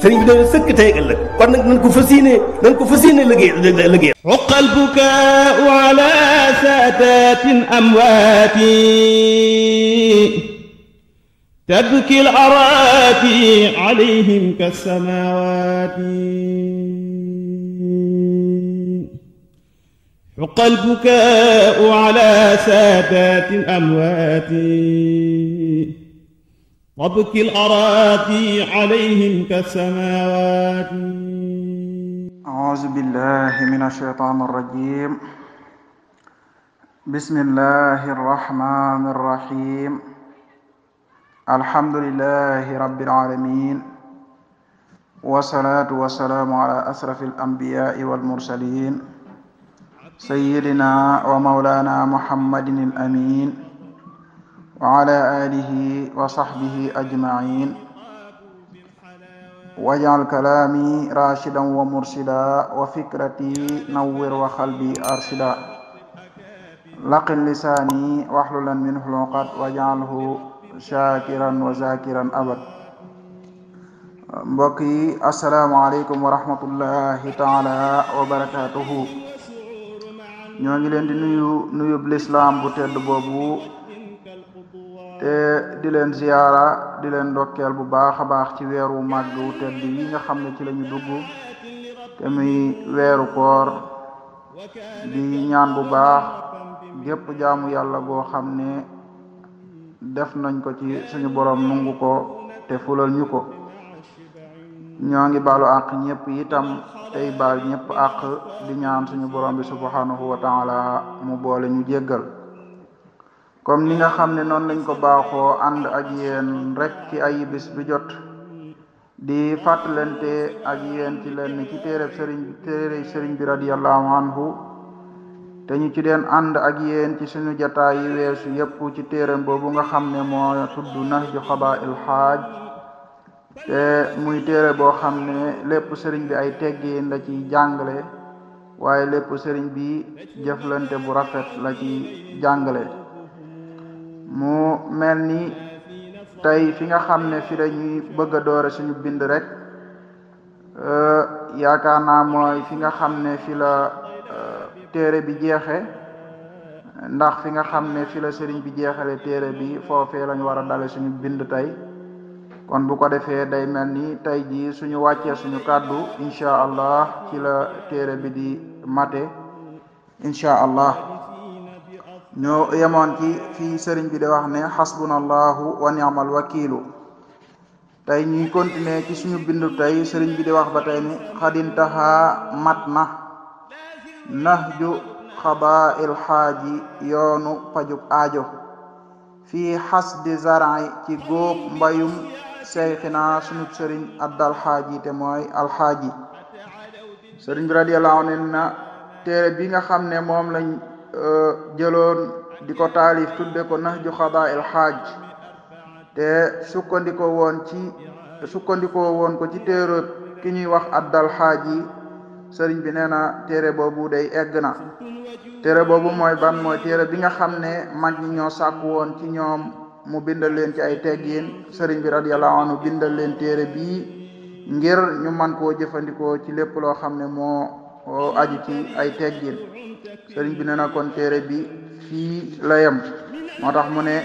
sëriñ bi dana sëkk tey ak ëllëg kon nag nañ ko fas yéene nañ ko fas yéene liggéey liggéey uqa albukaau ala saadatin amwaati tabki al araati alayhim kasamawaati حق البكاء على سادات أمواتي وابكي الأراضي عليهم كالسماوات أعوذ بالله من الشيطان الرجيم بسم الله الرحمن الرحيم الحمد لله رب العالمين والصلاة والسلام على أشرف الأنبياء والمرسلين سيدنا ومولانا محمد الأمين wa ala alihi wa sahbihi ajmain wajal kalaami rashidan wa mursida wa fikrati nawwir wa xalbi arshida laqin lisaani waxlulan min xuluqat wajalhu shakiran wa zakiran abad mbokk yi asalaamualeykum wa rahmatullahi taala wa barakatuhu ñoo ngi leen di nuyu nuyub lislaam bu tedd boobu te di leen ziyaara di leen ndokkeel bu baax a baax ci weeru màgg wu tedd yi nga xam ne ci lañu dugg te muy weeru koor di ñaan bu baax gépp jaamu yàlla goo xam ne def nañ ko ci suñu borom nungu ko te fulal ñu ko ñoo ngi baalu àq ñëpp itam tey baal ñëpp àq di ñaan suñu borom bi subhanahu wa la mu boole ñu jéggal comme ni nga xam ne noonu lañ ko baaxoo ànd ak yéen rek ci ay bis bi jot di fàttalante ak yéen ci leen ci téereb sëriñ téere sëriñ bi radiyallahu anhu te ñu ci deen ànd ak yéen ci suñu jataay yi weesu yépp ci téeram boobu nga xam ne moo tudd Nahju Xabaa'il Haaj te muy téere boo xam ne lépp sëriñ bi ay teggiin la ci jàngale waaye lépp sëriñ bi jëflante bu rafet la ci jàngale mu mel ni tey fi nga xam ne fi dañuy bëgg a doore suñu bind rek euh, yaakaar naa mooy fi nga xam ne fi la euh, téere bi jeexe ndax fi nga xam ne fi la sëriñ bi jeexale téere bi foofee lañ war a dale suñu bind tey kon bu ko defee day mel ni tey jii suñu wàccee suñu kàddu incha allah ci la téere bi di mate incha allah ñoo yemoon ci fii sëriñ bi di wax ne xasbuna allahu wa ni'mal wakiilu tey ñuy continuer ci suñu bindu tey sëriñ bi di wax ba tey ni xadintaha mat na nahju xabail xaaji yoonu pajub aajo fii xasdi zarai ci góob mbayum seyxina suñu sëriñ addal xaaji te mooy alxaaji sëriñ bi radiyallahu anhu na téere bi nga xam ne moom lañ jëloon di ko taalif tudde ko nahju xadaa il xaaj te sukkandikoo woon ci sukkandikoo woon ko ci téere ki ñuy wax addal xaaj yi sëriñ bi nee na téere boobu day egg na téere boobu mooy ban mooy téere bi nga xam ne mag ñi ñoo sàkk woon ci ñoom mu bindal leen ci ay teggiin sëriñ bi radiyallahu anhu bindal leen téere bi ngir ñu man koo jëfandikoo ci lépp loo xam ne moo o aju ci ay teggin sëriñ bi na kon téere bi fii la yem moo tax mu ne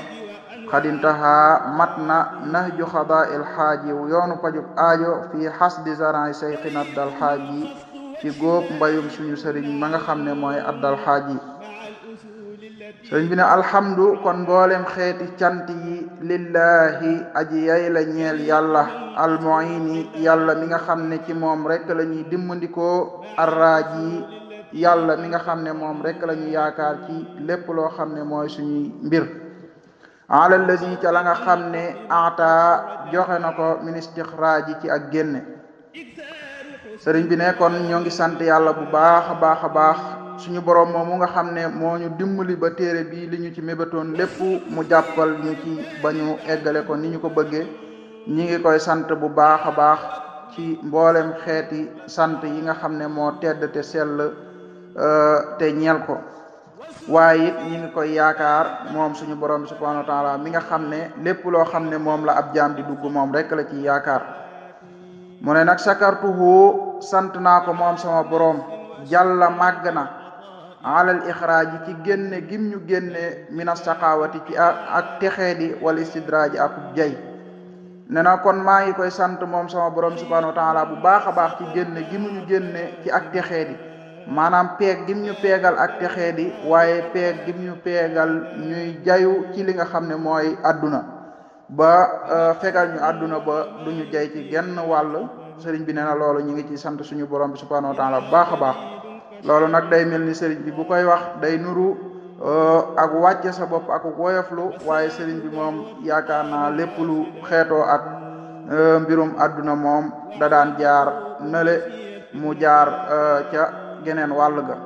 xadintaha mat na nahju xadaa il xaaji yoonu pajub aajo fii xasdi zaran seyxin addal xaaji ci góob mbayum suñu sëriñ ma nga xam ne mooy addal xaaji sëriñ bi ne alhamdu kon mboolem xeeti cant yi lillahi aji yay la ñeel yàlla almuini yàlla mi nga xam ne ci moom rek lañuy ñuy dimbandikoo arraaji yàlla mi nga xam ne moom rek lañuy ñu yaakaar ci lépp loo xam ne mooy suñuy mbir alallazi ca la nga xam ne ata joxe na ko min istixraaji ci ak génne sëriñ bi ne kon ñoo ngi sant yàlla bu baax a baax a baax suñu borom moomu nga xam ne moo ñu dimbali ba téere bii li ci mébétoon lépp mu jàppal ñu ci bañu eggale ko ni ñu ko bëggee ñi ngi koy sant bu baax a baax ci mboolem xeeti sant yi nga xam ne moo tedd te sell euh, te ñeel ko waaye it ñi ngi koy yaakaar moom suñu borom bi taala mi nga xam ne lépp loo xam ne moom la ab jaam di dugg moom rek la ci yaakaar mu ne nag sakartuhu sant naa ko moom sama borom jàlla màgg na alal yi ci génne gim ñu génne mina saqaawati ci ak texeedi wala istidraaji akub jay ne na kon maa ngi koy sant moom sama borom subhanahu wa taala bu baax a baax ci génne gim ñu génne ci ak texeedi maanaam peeg gim ñu peegal ak texeedi waaye peeg gim ñu peegal ñuy jayu ci li nga xam ne mooy àdduna ba e, fegal ñu àdduna ba du duñu jay ci genn wàll sëriñ bi nee na loolu ñu ngi ci sant suñu borom bi subhanahu wa bu baax a baax loolu nag day mel ni sëriñ bi bu koy wax day nuru euh, ak wàcce sa bopp ak woyoflu waaye sëriñ bi moom yaakaar naa lépp lu xeetoo ak euh, mbirum àdduna moom da daan jaar nale mu jaar euh, ca geneen wàll ga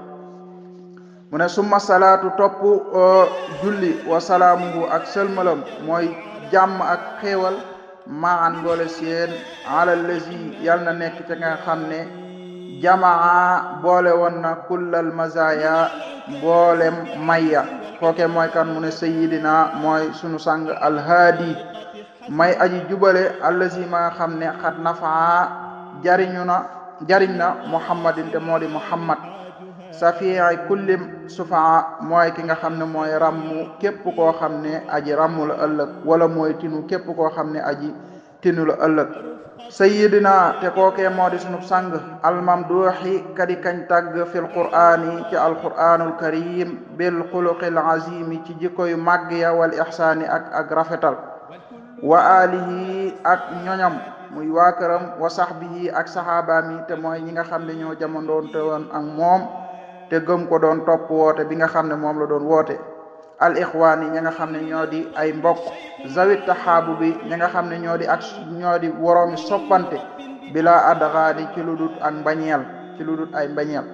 mu ne summa salaatu topp julli wa salaamuhu ak sëlmalam mooy jàmm ak xéewal maan boole seen alal lesi yal na nekk ca nga xam ne jamaa boole woon na kullal mazaya boolem maya kooke mooy kan mu ne sayidina mooy sunu sang alhaadi may aji jubale allazi ma nga xam ne xat nafa jariñu na jariñ na muhammadin te moo di muhammad safi'i kullim sufaa mooy ki nga xam ne mooy ràmmu képp koo xam ne aji ràmmu la ëllëg wala mooy tinu képp koo xam ne aji tinu la ëllëg sayyidina te kookee moo di sunub sang almamduuxi kadi kañ tàgg fil qur'aani ci alqur'aanul karim bil xuluqil azimi ci jikko yu màgg ya wal ixsaani ak ak rafetal wa alihi ak ñoñam muy waa këram wa saxbihi ak saxaabaam te mooy ñi nga xam ne ñoo jamondoonte woon ak moom te gëm ko doon topp woote bi nga xam ne moom la doon woote al ixwaan yi ña nga xam ne ñoo di ay mbokk zawit taxaabu bi ña nga xam ne ñoo di ak ñoo di woroomi soppante bila adxaani ci lu dut ak mbañeel ci lu dut ay mbañeel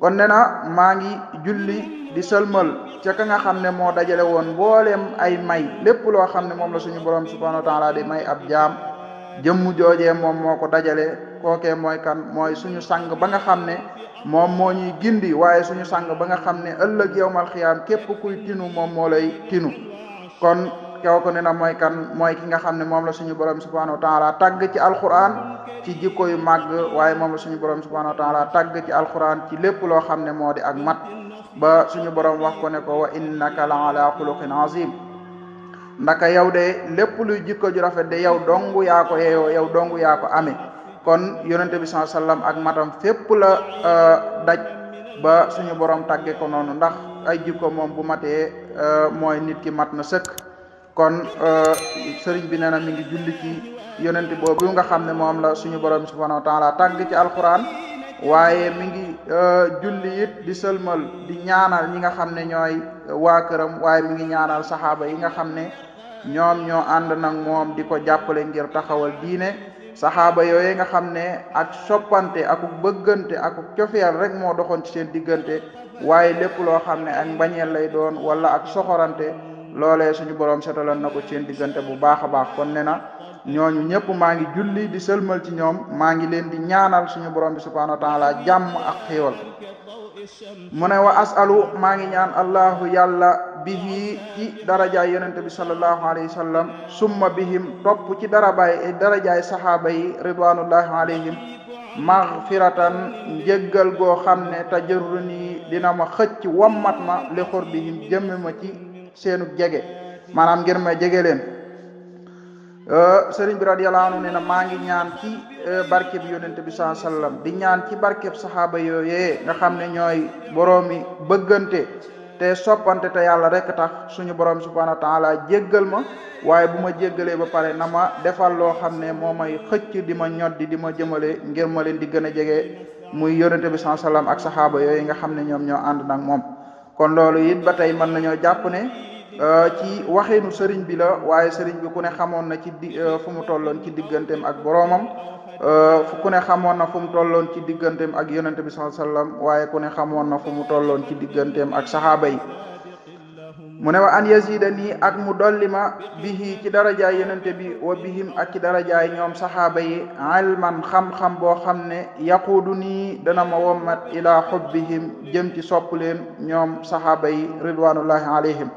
kon ne na maa ngi julli di sëlmal ca ka nga xam ne moo dajale woon mbooleem ay may lépp loo xam ne moom la suñu borom subhanahu wa taala di may ab jaam jëmm joojee moom moo ko dajale kookee mooy kan mooy suñu sang ba nga xam ne moom moo ñuy gindi waaye suñu sang ba nga xam ne ëllëg yowmal xiyaam képp kuy tinu moom moo lay tinu kon kew ko ne na mooy kan mooy ki nga xam ne moom la suñu borom subhanahu wa taala tàgg ci alquran ci jikko yu màgg waaye moom suñu borom subhanahu wa taala tàgg ci alquran ci lépp loo xam ne moo di ak mat ba suñu borom wax ko ne ko wa innaka la ala xuluqin azim ndaka yow de lépp luy jikko ju rafet de yow dong yaa ko yeeyoo yow dong yaa ko kon yonente bi sallallahu ak matam fépp la euh, daj ba suñu borom tàgge ko noonu ndax ay jikko moom bu matee euh, mooy nit ki mat na sëkk kon euh, sëriñ bi nee na mi ngi julli ci yonente boobu nga xam ne moom la suñu borom subhanahu wa taala tàgg ci alquran waaye mi ngi julli it di sëlmal di ñaanal ñi nga xam ne ñooy waa këram waaye mi ngi ñaanal saxaaba yi nga xam ne ñoom ñoo ànd nag moom di ko jàppale ngir taxawal diine saxaaba yooyu nga xam ne ak soppante ak bëggante ak cofeel rek moo doxoon ci seen diggante waaye lépp loo xam ne ak mbañeel lay doon wala ak soxorante loole suñu borom setaloon na ko seen diggante bu baax a baax kon ne na ñooñu ñëpp maa ngi julli di sëlmal ci ñoom maa ngi leen di ñaanal suñu borom bi subhanahu wa taala jàmm ak xéewal mu ne wa asalu maa ñaan allahu yàlla bihi ci darajaay yonente bi sallallahu alayhi wa sallam summa bihim topp ci darabaay darajaay saxaaba yi ridwanullahi alayhim magfiratan njëggal goo xam ne ta tajarruni dina ma xëcc wammat ma li xurbihim jëmme ma ci seenu jege maanaam ngir ma jege leen euh, sëriñ bi radiyallahu anhu nee na maa ngi ñaan ci euh, barkeb yonente bi sallallahu alayhi ñaan ci barkeb saxaaba yooyee nga xam ne ñooy boroomi bëggante te soppante te yàlla rek tax suñu borom subhanahu wa taala jéggal ma waaye bu ma jéggalee ba pare na ma defal loo xam ne moo may xëcc di ma ñoddi di ma jëmale ngir ma leen di gën a jege muy yonente bi saa salaam ak saxaaba yooyu nga xam ne ñoom ñoo ànd nag moom kon loolu it ba tey mën nañoo jàpp ne euh, ci waxinu sëriñ bi la waaye sëriñ bi ku ne xamoon na ci di euh, fu mu tolloon ci digganteem ak boroomam Euh, ku ne xamoon na mu tolloon ci digganteem ak yonente bi sallallahu waaye ku ne xamoon na fu mu tolloon ci digganteem ak saxaaba yi mu ne wa an yazida nii ak mu dolli ma bihi ci darajaay yonente bi wa bihim ak ci darajaay ñoom saxaaba yi ilman xam-xam boo xam ne yaquudu nii dana ma wommat ila xubbihim jëm ci sopp leen ñoom saxaaba yi ridwanullahi alayhim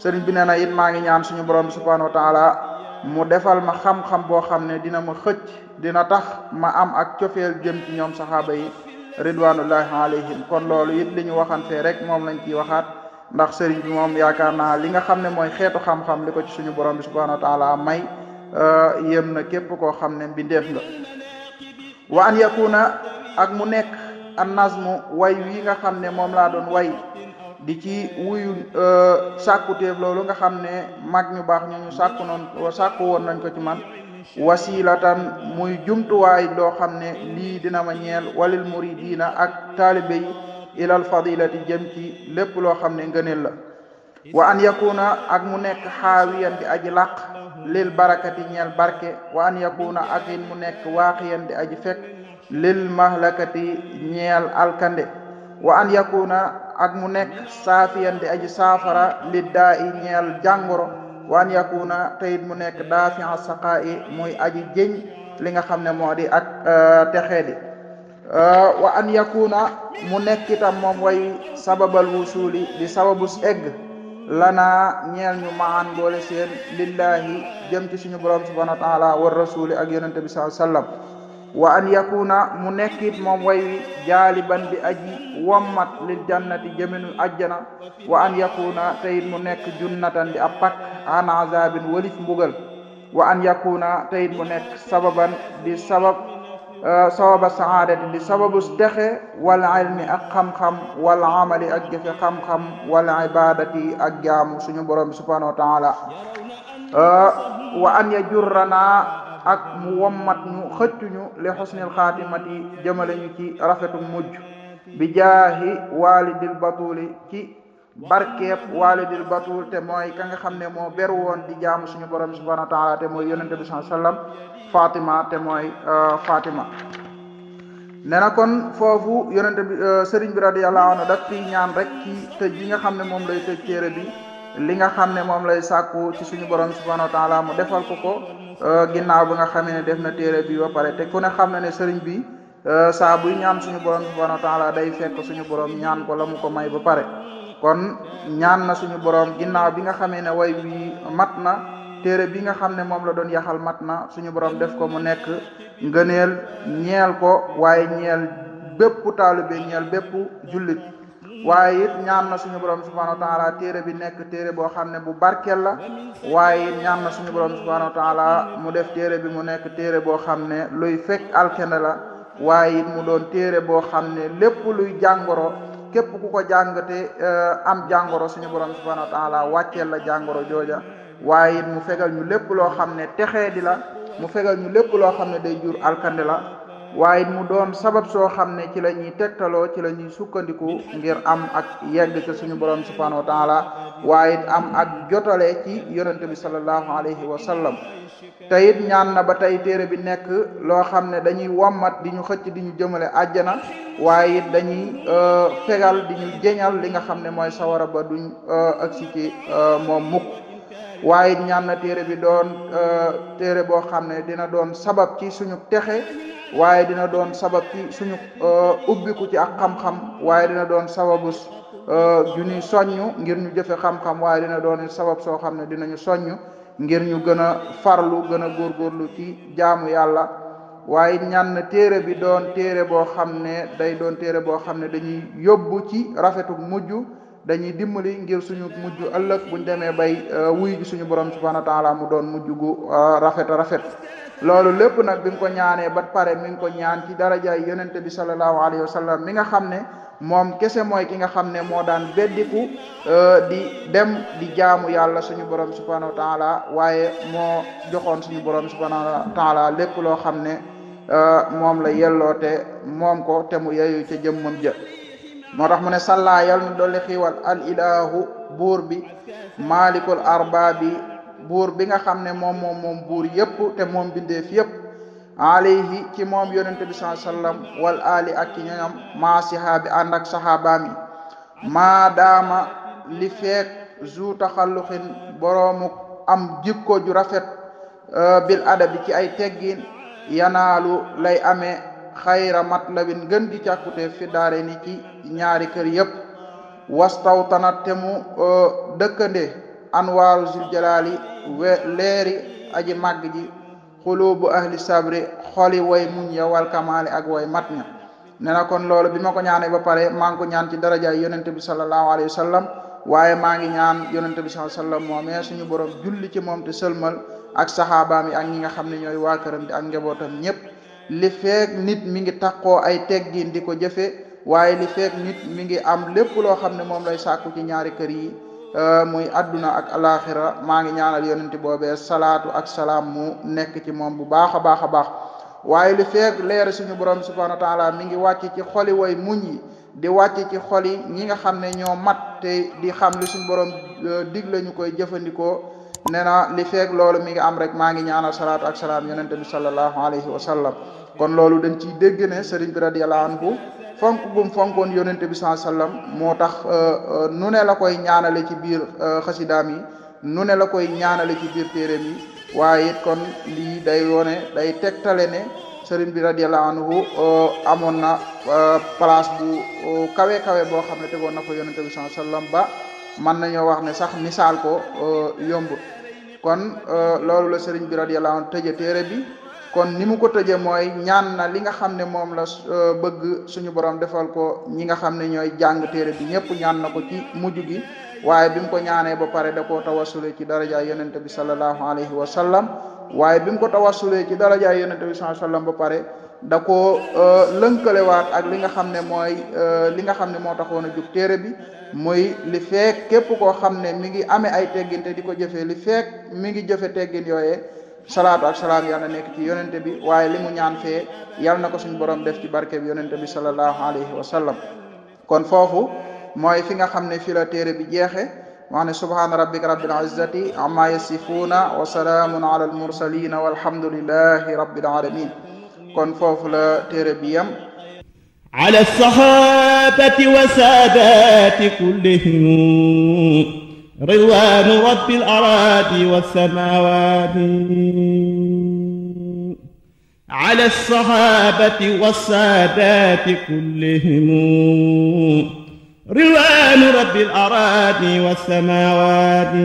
sëriñ bi nee na it ñaan suñu borom bi wa taala mu defal ma xam-xam boo xam ne dina ma xëcc dina tax ma am ak cofeel jëm ci ñoom saxaaba yi ridwanullahi alayhim kon loolu it li ñu waxante rek moom lañ ciy waxaat ndax sëriñ bi moom yaakaar naa li nga xam ne mooy xeetu xam-xam li ko ci suñu borom bi subhanahu wa taala may euh, yëm na képp koo xam ne mbindeef nga wa an yakuna ak mu nekk an nazmu way wi nga xam ne moom laa doon way di ci wuyu euh, sàkkuteef loolu nga xam ne mag ñu baax ñu ñu sàkku noon sàkku woon nañ ko ci man wasilatan muy jumtuwaay loo xam ne lii dina ma ñeel walil muridina ak taalibe yi ilal fadilati jëm ci lépp loo xam ne ngëneel la wa an yakuna ak mu nekk xaawiyan di aji làq lil barakati ñeel barke wa an yakuna ak in mu nekk waaqiyan di aji fekk lil mahlakati ñeel alkande wa an yakuna ak mu nekk saafiyan di aji saafara li daa i ñeel jàngoro wa an yakuna teyit mu nekk daafi'a saqaa i muy aji jëñ li nga xam ne moo di ak euh, texee di euh, wa an yakuna mu nekk itam moom way sababal wu wusuli di sababus egg lana ñeel ñu maan boole seen lillahi jëm ci suñu borom subhanahu wa taala war rasuli ak yeneen bi sallallahu wa an yakuna mu nekkit moom way wi jaaliban bi aji wommat lil jannati jëminul ajjana wa an yakuna teyit mu nekk junnatan di ab pak an azabin walis mbugal wa an yakuna teyit mu nekk sababan di sabab euh, sababa saadati di sababu dexe wal ilmi ak xam-xam wal amali ak jëfe xam-xam wal ibadati ak jaamu suñu borom bi subhanahu wa taala euh, wa an ak mu wommat ñu xëccu ñu li xusnil xaatimati jëmale ñu ci rafetu mujj bi jaahi walidil batuli ci barkeeb walidil batul te mooy ka nga xam ne moo beru woon di jaamu suñu borom bi subhanahu wa taala te mooy yonente bi sallallahu alayhi wasallam fatima te mooy euh, fatima kon foofu yonente bi euh, sëriñ bi radiyallahu anhu daf fi ñaan rek ci tëj yi nga xam ne moom lay tëj téere bi li nga xam ne moom lay sàkku ci suñu borom subhanahu wa taala mu defal ko ko Euh, ginnaaw bi nga xamee ne def na téere bi ba pare te ku ne xam na ne sëriñ bi euh, saa buy ñaan suñu borom subhanahu wa taala day fekk suñu boroom ñaan ko la mu ko may ba pare kon ñaan na suñu boroom ginnaaw bi nga xamee ne way wi mat na téere bi nga xam ne moom la doon yaxal mat na suñu borom def ko mu nekk ngëneel ñeel ko waaye ñeel bépp taalibe ñeel bépp jullit waaye ñaan na suñu borom subhanahu wa taala téere bi nekk téere boo xam ne bu barkel la waaye it ñaan na suñu borom subhanahu wa taala mu def téere bi mu nekk téere boo xam ne luy fekk alkene la waaye it mu doon téere boo xam ne lépp luy jàngoro képp ku ko jàngate eh, am jàngoro suñu borom subhanahu wa taala wàcceel la jàngoro jooja waaye mu fegal ñu lépp loo xam ne texee di la mu fegal ñu lépp loo xam ne day jur alkande la waaye mu doon sabab soo xam ne ci la ñuy tegtaloo ci la ñuy sukkandiku ngir am ak yegg ci suñu borom subhanahu wa taala waaye am ak jotale ci yonente bi sallallahu alayhi wa sallam te it ñaan na ba tey téere bi nekk loo xam ne dañuy wommat di ñu xëcc di ñu jëmale àjjana waaye it dañuy euh, fegal di ñu jeñal li nga xam ne mooy sawara ba duñ euh, agsi ci euh, moom mukk waaye ñaan na téere bi doon euh, téere boo xam ne dina doon sabab ci suñu texe waaye dina doon sabab ci suñu euh, ubbiku ci ak xam-xam waaye dina doon sababus euh, juñuy soññu ngir ñu jëfe xam-xam waaye dina doon sabab soo xam ne dinañu soññu ngir ñu gën a farlu gën a góorgóorlu ci jaamu yàlla waaye ñaan na téere bi doon téere boo xam ne day doon téere boo xam ne dañuy yóbbu ci rafetuk mujj dañuy dimbali ngir suñu mujj ëllëg buñ demee bay euh, wuy ji suñu borom subhanahu wa taala mu doon mujj gu euh, rafet rafet loolu lépp nag bi ko ñaanee bat pare mi ngi ko ñaan ci darajaay yonente bi sallallahu alayhi wa sallam mi nga xam ne moom kese mooy ki nga xam ne moo daan beddiku euh, di dem di jaamu yàlla suñu borom subhanahu wa taala waaye moo joxoon suñu borom subhanahu wa taala lépp loo xam ne moom la yelloote moom ko te mu yeyu ca jëmmam ja moo tax mu ne salla yal na dolli xiiwal al ilahu buur bi malikul arbaabi buur bi nga xam ne moom moom buur yëpp te moom bindeef yëpp alayhi ci moom yonente bi saa wal ali ak ci ñoñam maa sihaabi ànd maa daama li feek zu taxalluxin boroomu am jikko ju rafet euh, bil adabi ci ay teggin yanaalu lay ame xayra matlabin gën di càkkuteef fi daare ni ci ñaari kër yëpp wastawtanat te mu dëkkande anwaaru zil jalaali we leeri aji màgg ji xulubu ahli sabri xoli way muñ ya wal kamaali ak way mat ña ne na kon loolu bi ma ko ñaanee ba pare maa ngi ko ñaan ci darajaay yonente bi sallallahu alayhi wa sallam waaye maa ngi ñaan yonente bi sallallahu alayhi wa sallam suñu borom julli ci moom te sëlmal ak saxaabaam yi ak ñi nga xam ne ñooy waa këram di ak njabootam ñëpp li nit mi ngi takkoo ay teggin di ko jëfe waaye li nit mi ngi am lépp loo xam ne moom lay saaku ci ñaari kër yi euh, muy adduna ak alaaxira maa ngi ñaanal yonente boobee salaatu ak salaam mu nekk ci moom bu baax a baax a baax waaye li feek leer suñu borom subhanahu wa taala mi ngi wàcc ci xoli way muñ yi di wàcc ci xol yi ñi nga xam ne ñoo mat te di xam li suñu borom euh, dig la ñu koy jëfandikoo nee na li feek loolu mi ngi am rek maa ngi ñaanal salaat ak salaam yonente bi sallallahu alayhi wa sallam kon loolu dañ ciy dégg ne sëriñ bi radiyallahu anhu fonk gum fonkoon yonente bi saa sallam moo tax euh, euh, nu ne la koy ñaanale ci biir euh, xasidaam mi nu ne la koy ñaanale ci biir téeréem yi waaye kon lii day wone day tegtale ne sëriñ bi radiyallahu anhu amoon na place bu kawe kawe boo xam ne tegoon na ko yonente bi saa sallam ba mën nañoo wax ne sax misaal ko yombut kon loolu la sëriñ bi radiyallahu anhu tëje téere bi kon ni mu ko tëjee mooy ñaan na li nga xam ne moom la euh, bëgg suñu borom defal ko ñi nga xam ne ñooy jàng téere bi ñëpp ñaan na ko ci mujj gi waaye bi mu ko ñaanee ba pare da koo tawasule ci daraja yonente bi sallallahu alayhi wa sallam waaye bi mu ko tawasulee ci daraja yonente bi sallallahu alayhi wa sallam ba pare da koo euh, lënkalewaat ak li nga xam ne mooy euh, li nga xam ne moo taxoon a jug téere bi muy li feek képp koo xam ne mi ngi amee ay teggin di ko jëfee li feek mi ngi jëfe teggin yooyee salaatu ak salaam yàlla nekk ci yonente bi waaye li mu ñaan fee yàlla na ko suñu borom def ci barke bi yonente bi sallallahu alayhi wa sallam kon foofu mooy fi nga xam ne fi la téere bi jeexe wax ne subhaana rabbika rabbil izzati amma yasifuuna wa salaamun ala al mursalina walhamdulillahi rabbil alamin kon foofu la téere bi yam ala sahabati wa saadati kullihim ridwaanu rabbil araadi wassamaawaati ala saxaabati wassaadaati kullihim ridwaanu rabbil araadi wassamaawaati.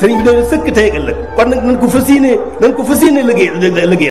sëriñ bi de sëkk tey ak ëllëg kon nag nañ ko fas yéene nañ ko fas yéene liggéey liggéey